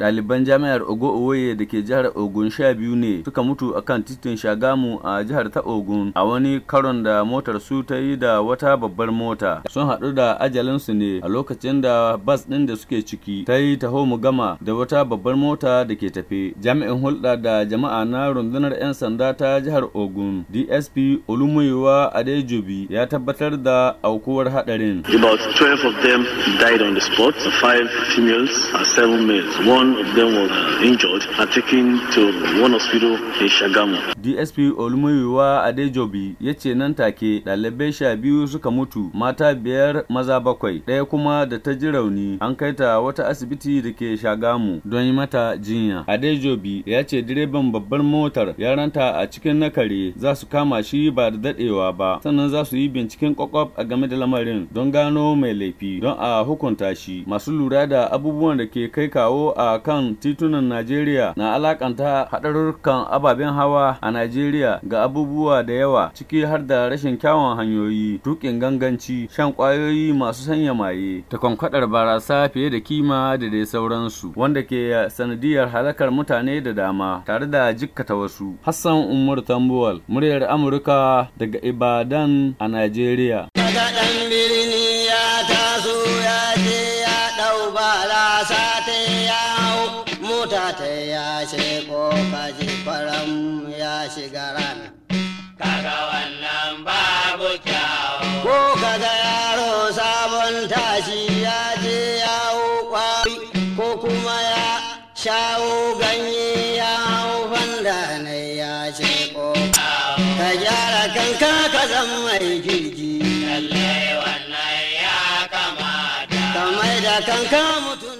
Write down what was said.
Ɗaliban jami'ar Ogo Owoye da ke jihar Ogun sha biyu ne suka mutu akan titin Shagamu a jihar ta Ogun a wani karon da motar su ta yi da wata babbar mota. Sun haɗu da ajalinsu ne a lokacin da bas ɗin da suke ciki ta yi taho mu gama da wata babbar mota da ke tafe. Jami'in hulɗa da jama'a na rundunar 'yan sanda ta jihar Ogun DSP Olumuyiwa Adejobi ya tabbatar da aukuwar haɗarin. About 12 of them died on the spot, five females and seven males. One of them was injured and taken to one hospital in Shagamu. DSP Olumuyiwa Adejobi ya ce nan take ɗalibai sha biyu suka mutu mata biyar maza bakwai ɗaya kuma da ta ji rauni an kai ta wata asibiti da ke Shagamu don yi mata jinya. Adejobi ya ce direban babbar motar ya ranta a cikin nakare za su kama shi ba da daɗewa ba sannan za su yi binciken kwakwaf a game da lamarin don gano mai laifi don a hukunta shi masu lura da abubuwan da ke kai kawo a kan titunan Najeriya na alakanta haɗarurrukan ababen hawa a Najeriya ga abubuwa da yawa ciki har da rashin kyawun hanyoyi, tukin ganganci, shan ƙwayoyi masu sanya maye, takwankwaɗar barasa fiye da kima da dai sauransu, wanda ke sanadiyar halakar mutane da dama tare da jikkata wasu. Hassan Umar Tambuwal, muryar Amurka daga Ibadan a Najeriya. soja ta ya ko kaji faram ya shi garana. Kaga wannan babu kyawu. Ko kaga yaro sabon tashi ya je yawo kwari ko kuma ya shawo ganye ya hau fanda ne ya ce ko. Ka gyara kanka ka zan mai jirgi. Lallai wannan ya kamata. Ka mai da kanka mutum.